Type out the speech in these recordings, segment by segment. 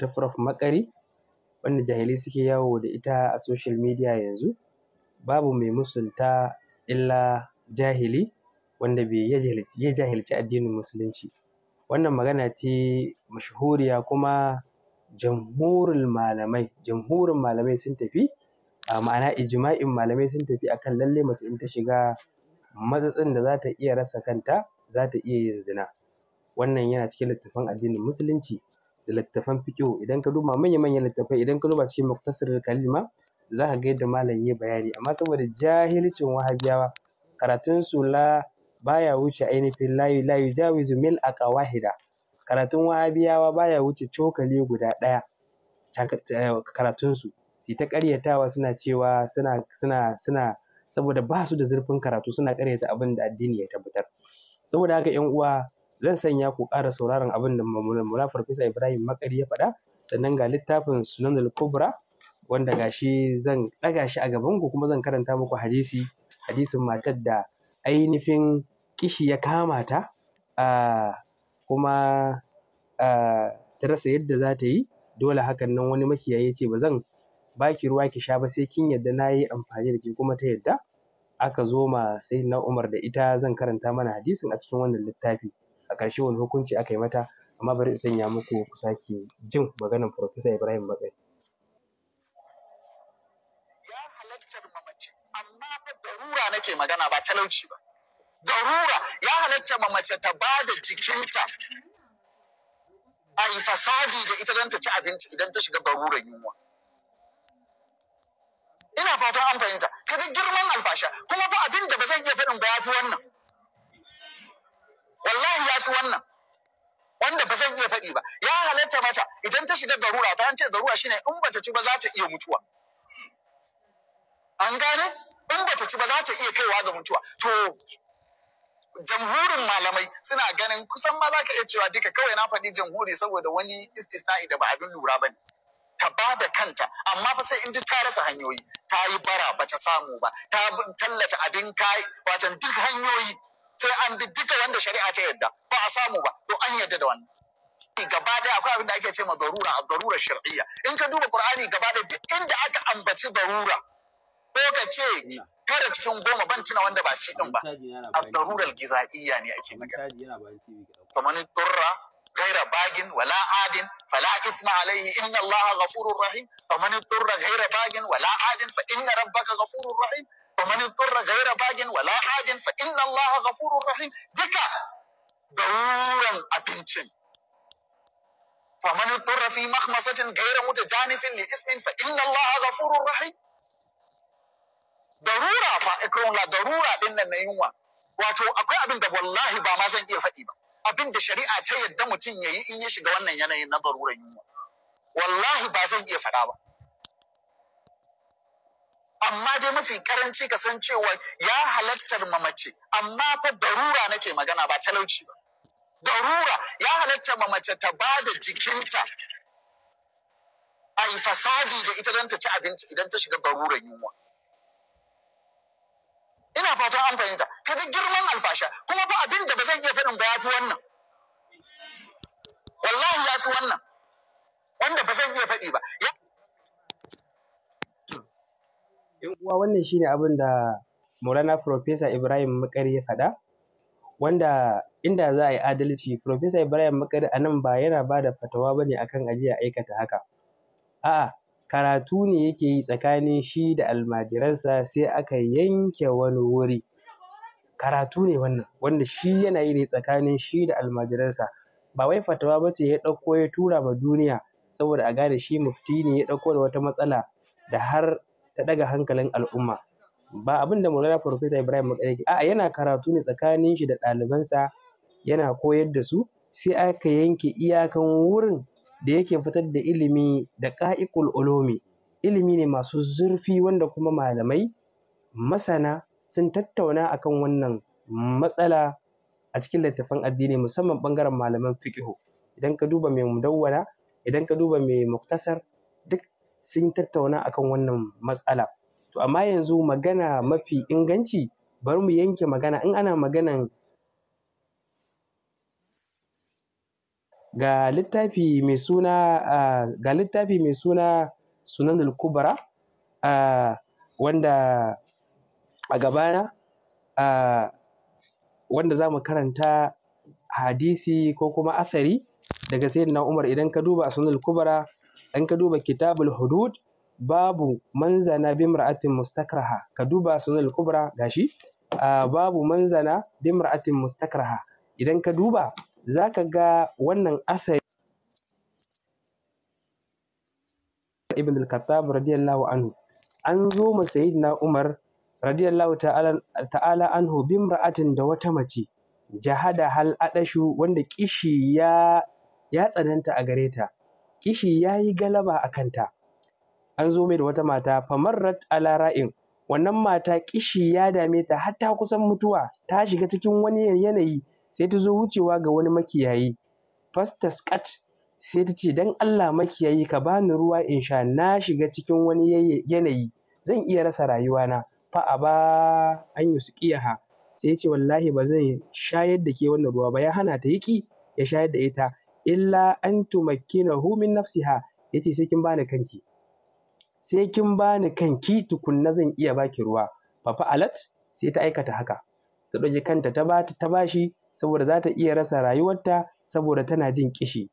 ta Prof Makari wanda jahilai suke yawo da ita a social media yanzu babu mai musunta illa jahili wanda bai ya jahilci addinin musulunci wannan magana ce mashuhuriya kuma jamhurin malamai jamhurin malamai sun tafi ma'ana ijma'in malamai sun tafi akan lalle mace in ta shiga matsatsin da za ta iya rasa kanta za ta iya yin zina wannan yana cikin littattafan addinin musulunci da littattafan fiqh idan ka duba manya manyan littafai idan ka duba cikin muktasar kalima za ka ga yadda malam yayi bayani amma saboda jahilcin wahabiyawa karatun su la baya wuce ainihin layu layu jawizu mil aqa wahida karatun wahabiyawa baya wuce cokali guda ɗaya karatun su su ta ƙaryatawa suna cewa suna suna suna saboda ba da zurfin karatu suna ƙaryata abin da addini ya tabbatar saboda haka yan uwa zan sanya ku ƙara sauraron abin da Maulana Farfesa Ibrahim Makari ya faɗa sannan ga littafin Sunanul Kubra wanda gashi zan ɗaga shi a gaban ku kuma zan karanta muku hadisi hadisin matar da ainihin kishi ya kama ta kuma ta rasa yadda za ta yi dole hakan nan wani makiyayi ya ce ba zan baki ruwa ki sha ba sai kin yadda na yi amfani da ke kuma ta yadda aka zo ma sai na umar da ita zan karanta mana hadisin a cikin wannan littafi a ƙarshe wani hukunci aka yi mata amma bari in sanya muku ku sake jin maganar Farfesa Ibrahim Maƙari. Ya ma mace amma fa darura nake magana ba talauci ba. Darura ya halatta mace ta ba da jikinta a yi fasadi da ita don ta ci abinci idan ta shiga barurar yunwa. Ina fatan an fahimta, ga girman alfasha kuma fa abin da ba zan iya faɗin ba ya fi wannan. wallahi ya fi wannan wanda ba zan iya faɗi ba ya halatta mata idan ta shiga garura ta ce garura shine in bata ci ba za ta iya mutuwa an gane in bata ci ba za ta iya kaiwa ga mutuwa to jamhurin malamai suna ganin kusan ma za ka iya cewa duka kawai na faɗi jamhuri saboda wani istisna'i da ba abin lura ba ne ta ba da kanta amma fa sai in ji ta rasa hanyoyi ta yi bara ba ta samu ba ta tallata abin kai watan duk hanyoyi sai an bi duka wanda shari'a ta yadda ba a samu ba to an yadda da wannan gaba da akwai abin da ake ce ma darura a zarura shar'iyya in ka duba qur'ani gaba da duk inda aka ambaci barura ko ka ce tara cikin goma ban tuna wanda ba shi din ba a zarurar gizaiya ne ake magana kamar turra غير باغ ولا عاد فلا إثم عليه إن الله غفور رحيم فمن اضطر غير باغ ولا عاد فإن ربك غفور رحيم wa man yurra ghayra bagin wala adin fa inna allaha ghafurur rahim duka daruran اضطر في مخمصة غير متجانف لإثم فإن الله غفور رحيم ضرورة فإكرون لا ضرورة إن النيوة wato akwai abin da wallahi ba ma zan iya faɗi ba Abinda shari'a ta yadda mutum ya yi in ya shiga wannan yanayin na darurar yunwa wallahi ba zan iya faɗa ba amma dai mafi karanci ka san cewa ya halattar mamace amma fa darura nake magana ba talauci ba darura ya halatta mamace ta ba da jikinta a fasadi da ita don ta ci abinci idan ta shiga baruran yunwa ina fatan an fahimta kaga girman alfasha kuma ba abin da ba zan iya faɗin ba ya wannan wallahi ya wannan wanda ba iya faɗi ba Yan uwa wannan shine abin da Maulana Profesa Ibrahim Makari ya faɗa wanda inda za a yi adalci Profesa Ibrahim Makari a nan ba yana ba da fatawa ba ne akan aje a aikata haka. A'a karatu ne yake yi tsakanin shi da almajiransa sai aka yanke wani wuri. Karatu ne wannan wanda shi yana yi ne tsakanin shi da almajiransa ba wai fatawa ba ce ya ɗauko ya tura ma duniya saboda a gane shi mufti ne ya ɗauko da wata matsala da har ta ɗaga hankalin al'umma ba abin da Maulana Farfesa Ibrahim yake a'a yana karatu ne tsakanin shi da ɗalibansa yana koyar da su sai aka yanke iyakan wurin da yake fitar da ilimi da ka'ikul ulumi ilimi ne masu zurfi wanda kuma malamai masana sun tattauna akan wannan matsala a cikin littattafan addini musamman ɓangaren malaman fiqihu idan ka duba mai mudawwana idan ka duba mai muktasar duk sun tattauna a kan wannan matsala to amma yanzu magana mafi inganci bari mu yanke magana in ana maganan ga littafi mai suna ga littafi mai suna sunanul kubra wanda a gabana wanda za mu karanta hadisi ko kuma asari daga sayyidina umar idan ka duba a sunanul kubra in ka duba kitabul hudud babu manzana mar'atin mustakraha ka duba sunan kubra gashi babu manzana mar'atin mustakraha idan ka duba zaka ga wannan asari ibn al-khattab radiyallahu anhu an zo ma sayyidina umar radiyallahu ta'ala anhu bimra'atin da wata mace jahada hal adashu wanda kishi ya ya tsananta a gare ta kishi ya yi galaba a kanta an zo mai da wata mata famarrat ala ra'in wannan mata kishi ya dame ta har ta kusan mutuwa ta shiga cikin wani yanayi sai ta zo wucewa ga wani makiyayi fastaskat sai ta ce dan Allah makiyayi ka bani ruwa in sha na shiga cikin wani yanayi zan iya rasa rayuwana fa a ba an yi suƙiyaha sai ya ce wallahi ba zan shayar da ke wannan ruwa ba ya hana ta yiki ya shayar da ita illa an hu min nafsiha yace sai kin bani kanki sai kin bani kanki tukunna zan iya baki ruwa fa alat sai ta aikata haka ta ɗauki kanta ta bata ta bashi saboda za ta iya rasa rayuwarta saboda tana jin kishi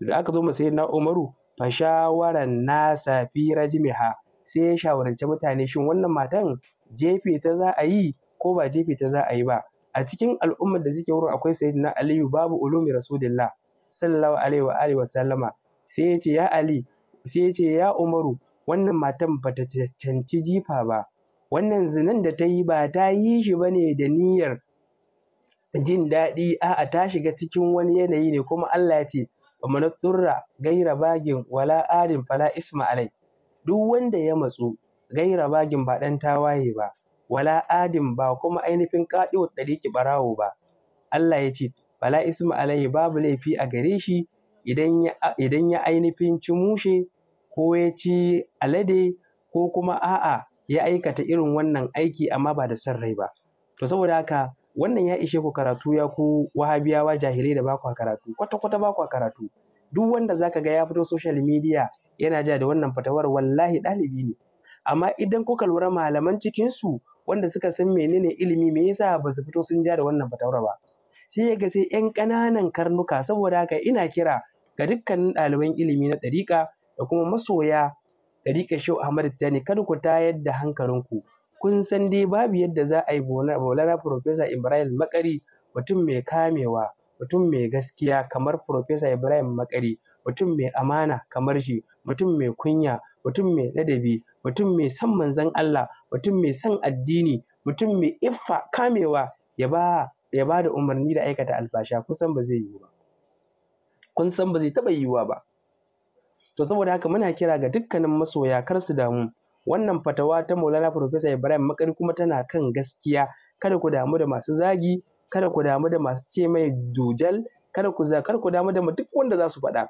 da aka zo sai na Umaru fa shawaran nasa fi rajmiha sai ya shawarance mutane shin wannan matan jefe ta za a yi ko ba jefe ta za a yi ba a cikin al'ummar da suke wurin akwai sayyidina Aliyu babu ulumi rasulillah sallallahu alaihi wa alihi wasallama sai ya ce ya ali sai ya ce ya umaru wannan matan ba ta cancanci jifa ba wannan zinan da ta yi ba ta yi shi ba ne da niyyar jin daɗi a'a ta shiga cikin wani yanayi ne kuma Allah ya ce man turra gaira bagin wala adin fala isma alai duk wanda ya matsu gaira bagin ba ɗan tawaye ba wala adin ba kuma ainihin kaɗiwar ɗari ki ba Allah ya ce Bala ismu alaihi babu laifi a gare shi idan ya ainihin ci mushe ko ya ci alade ko kuma a'a ya aikata irin wannan aiki amma ba da san rai ba to saboda haka wannan ya ishe ku karatu ya ku wahabiyawa jahilai da baku karatu kwata kwata baku karatu duk wanda zaka ga ya fito social media yana ja da wannan fatawar wallahi ɗalibi ne amma idan kuka lura malaman cikinsu wanda suka san menene ilimi me yasa ba su fito sun ja da wannan fatawar ba sai ya ga sai 'yan ƙananan karnuka saboda haka ina kira ga dukkanin ɗaliban ilimi na ɗariƙa da kuma masoya ɗariƙa Shehu Ahmad Tijjani kada ku tayar da hankalinku kun san dai babu yadda za a yi Maulana Profesa Ibrahim Makari mutum mai kamewa mutum mai gaskiya kamar Profesa Ibrahim Makari mutum mai amana kamar shi mutum mai kunya mutum mai ladabi mutum mai son manzon Allah mutum mai son addini mutum mai iffa kamewa ya ba ya bada umarni da aikata albasha, kun san ba zai yiwu ba kun san ba zai taɓa yiwuwa ba to saboda haka muna kira ga dukkanin masoya kar su damu wannan fatawa ta Maulana Professor Ibrahim Makari kuma tana kan gaskiya kada ku damu da masu zagi kada ku damu da masu ce mai dujal kada ku kar ku damu da duk wanda za su faɗa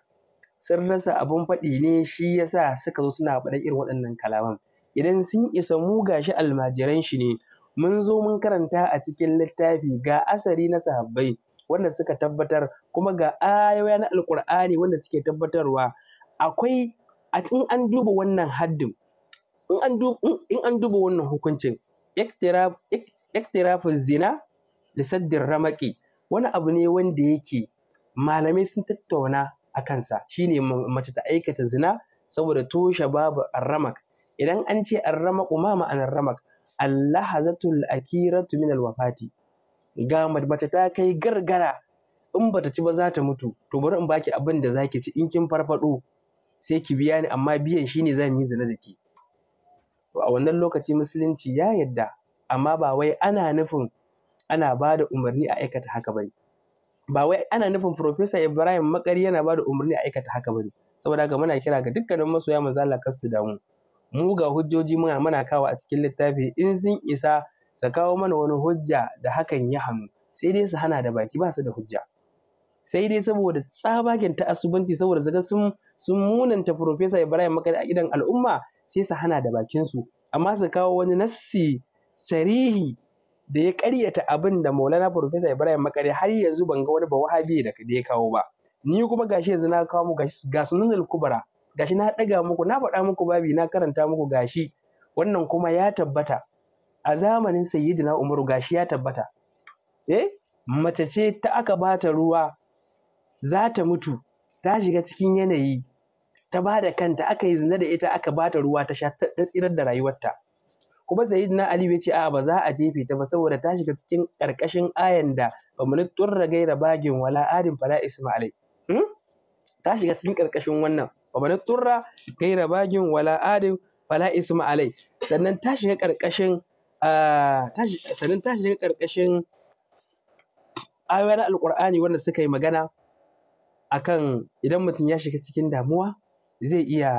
sun rasa abun faɗi ne shi yasa suka zo suna faɗa irin waɗannan kalaman idan sun isa mu gashi almajiran shi ne Mun zo mun karanta a cikin littafi ga asari na sahabbai wanda suka tabbatar kuma ga ayoyi na alkur'ani wanda suke tabbatarwa. Akwai in an duba wannan haddin in an duba wannan hukuncin iktirafin zina da saddin ramaki wani abu ne wanda yake malamai sun tattauna a kansa shine mace ta aikata zina saboda toshe babu arramak idan an ce arramaku ma ma'anar ramak allahazatul akiratu min alwafati ga mace ta kai gargara in bata ci ba za ta mutu to bari in baki abin da zaki ci in kin farfado sai ki biya ni amma biyan shine za mu yi zina da ke to a wannan lokaci musulunci ya yadda amma ba wai ana nufin ana ba da umarni a aikata haka bane ba wai ana nufin Profesa Ibrahim Makari yana ba da umarni a aikata haka bane saboda haka muna kira ga dukkanin masoya manzo Allah kar su damu mu ga hujjoji muna mana kawo a cikin littafi in sun isa su kawo mana wani hujja da hakan ya hannu sai dai su hana da baki ba su da hujja sai dai saboda tsabagen ta asubanci saboda zaga sun sun munanta Profesa Ibrahim Makari a idan al'umma sai su hana da bakinsu amma su kawo wani nassi sarihi da ya karyata abin da Maulana Profesa Ibrahim Makari har yanzu ban ga wani ba wahabi da ya kawo ba ni kuma gashi yanzu na kawo mu ga sunan al-kubra gashi na ɗaga muku na faɗa muku babi na karanta muku gashi wannan kuma ya tabbata a zamanin sayyidina umaru gashi ya tabbata eh mace ce ta aka bata ruwa za ta mutu ta shiga cikin yanayi ta ba da kanta aka yi zina da ita aka bata ruwa ta sha ta tsirar da rayuwarta kuma sayyidina ali ya ce a ba za a jefe ta ba saboda ta shiga cikin ƙarƙashin ayan da ba mu nutsurra gaira bagin wala adin fala isma'il. Hmm? ta shiga cikin ƙarƙashin wannan Wani man turra gaira bagin wala adin fala isma alai sannan ta shiga karkashin sannan ta shiga karkashin ayoyin alqur'ani wanda suka yi magana akan idan mutum ya shiga cikin damuwa zai iya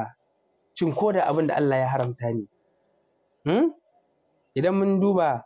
cin koda abin da Allah ya haramta ne hmm? idan mun duba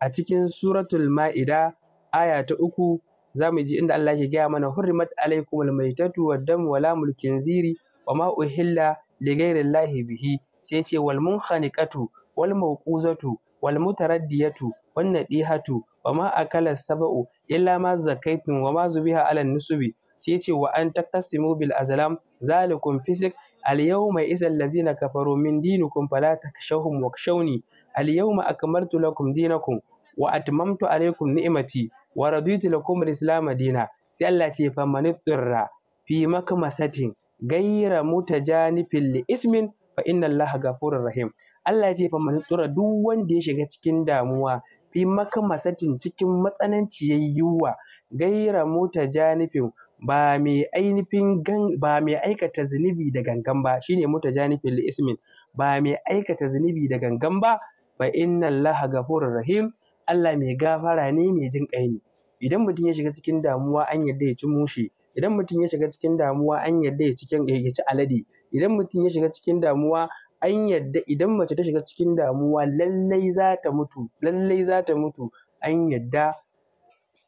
a cikin suratul ma'ida aya ta uku za mu ji inda Allah ke gaya mana hurrimat alaikumul maitatu wad dam wala mulkin ziri wa ma uhilla li ghairillahi bihi sai ce wal munkhaniqatu wal mawquzatu wal mutaraddiyatu wan nadihatu wa ma akala sab'u illa ma zakaitum wa ma zubiha ala nusubi sai ce wa an taqtasimu bil azlam zalikum fisq al yawma iza allazina kafaru min dinikum fala takshawhum wakshawni al yawma akmaltu lakum dinakum wa atmamtu alaykum ni'mati wa raditu lakum al-islam dina? sai Allah ce fa manifirra fi makmasatin gaira mutajanifin li ismin fa inna Allah ghafurur rahim Allah ce fa manifirra duk wanda ya shiga cikin damuwa fi makmasatin cikin matsananciyar yiwuwa gaira mutajanifin ba mai ainihin ba mai aikata zunubi da gangan ba shine mutajanifin li ismin ba mai aikata zunubi da gangan ba fa inna Allah ghafurur rahim Allah mai gafara ne mai jin ƙai ne idan mutum ya shiga cikin damuwa an yarda ya ci mushi. idan mutum ya shiga cikin damuwa an yarda ya ci ya ci alade idan mutum ya shiga cikin damuwa an yadda idan mace ta shiga cikin damuwa lallai za ta mutu lallai za ta mutu an yarda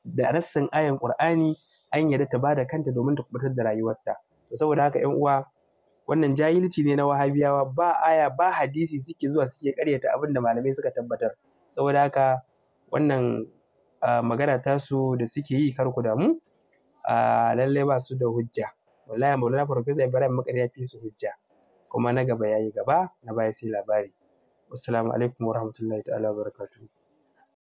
da rassan ayan ƙur'ani, an yarda ta bada kanta domin ta kubutar da rayuwarta to saboda haka ƴan uwa wannan jahilci ne na wahabiyawa ba aya ba hadisi suke zuwa suke ƙaryata abin da malamai suka tabbatar saboda haka wannan magana tasu da suke yi kar ku damu lallai ba su da hujja wallahi maulana farfesa ibrahim makari ya fi su hujja kuma na gaba ya yi gaba na baya sai labari assalamu alaikum warahmatullahi ta'ala wabarakatuhu